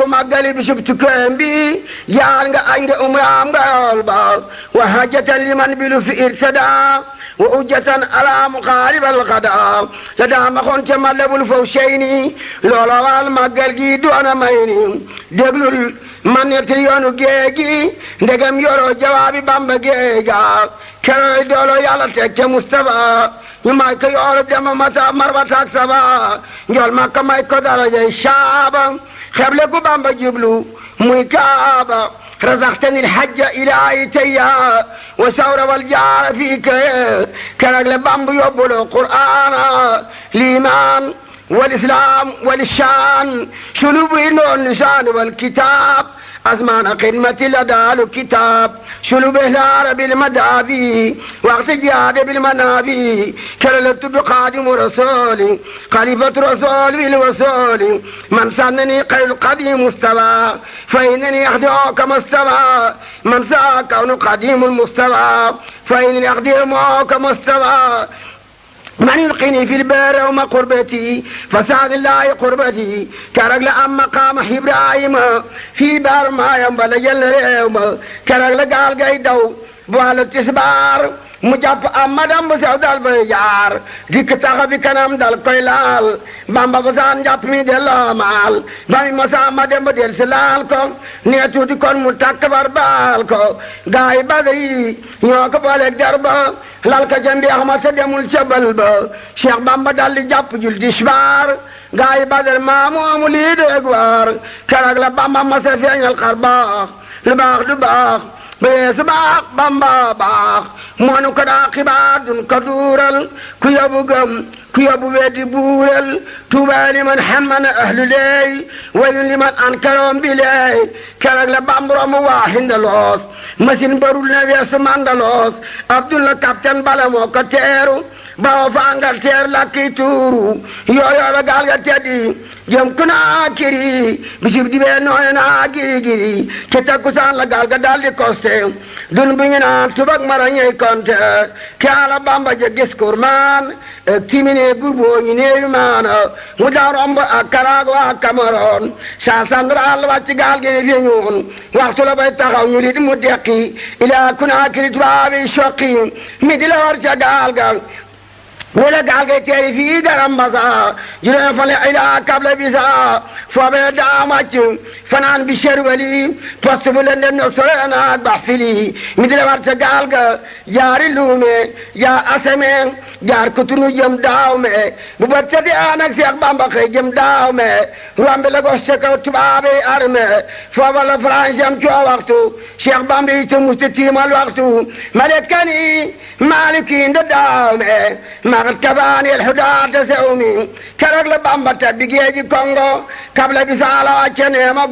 ku màggali bisub gi doona may ni man neti yoonu géegi ndegam yoroo jawaabi bamba géega kerooy doolo yàlla teg Mustafa may ko yoolu dema mata marwataak saba njol makka may ko darajay saaba خبل gu بجبلو jublu muy رزقتني الحج إلى آيتي وسور والجار فيك كان بامب يبل القرآن الإيمان والإسلام والشان شنو بينه اللسان والكتاب أزمان قمة الأداء الكتاب شلو به العرب المدعبي وقت جهاد بالمنابي كرلت بقادم رسولي قريبة رسول بالوصول من سنني قيل قديم مستوى فإنني أخدعه كما من سعى كون قديم المستوى فإنني أخدعه كما من يلقيني في البر وما قربتي فساد الله قربتي كرجل أم مقام إبراهيم في بار ما ينبلي اليوم كرجل قال قيدو بوالد تسبار mu jàpp am madam sew dal bay dikk taxa bi kanam dal koy laal bamba ba saan mi delloo maal ba mosaa ma dem ba si laal ko nee tuuti kon mu takk bar baal ko gaa yi ñoo ko booleeg der lal ko ca mbeex ma sa demul ca ba cheikh bamba dal di jàpp jul disbaar gaa yi badar maa lii déeg waar keroog la bamba ma sa feeñal baax lu baax du baax bee su baax bamba baax moo nu ko daa xibaar dun ko duural ku yóbbu gëm ku yóbbu weddi buural tuuba li man hammana ahlu leey waylun li man ankaroom bi leey keroog la bambrom waa hindaloos machine barul na weesu mandaloos abdul la capitaine bala moo ko teeru ba fa Angleterre lakki tuuru yooyo ba gaal ga teddi jëm ku naa kiri bisib dibee nooy naa giri giri ca takkusaan la gaal ga daldi koste dun bu ñu naan tubak mara ñey konte ke ala bamba je gis kurmaan timine gurboo ñu neewi maana mu daa ak Karaago ak Cameroon saa sandra àll wàcc gaal gi fi ñuun waxtu la bay taxaw ñu lit mu dekki ilaa ku kiri tubaabi soqi mi di la war ca gaal ga wala gaal ga teeri fii dara mbasa juróom fale ay la kable foobee daa màcc fanaan bi sherwali post bu leen leen no sore naag bax mi di la war ca gaal ga jaari luume jaar asame jaar kutunu jëm daaw me bu ba cati aan ak Seex Bamba xëy jëm daaw me rombe la gos ca tubaabe arme fooba la France am coo waxtu Seex Bamba yi te tiimal waxtu malekani maaliki nda daaw me maxat kabaani el hudaata sewmi keroog la Bamba tabbi géeji Kongo kabla bi saala wàcce neema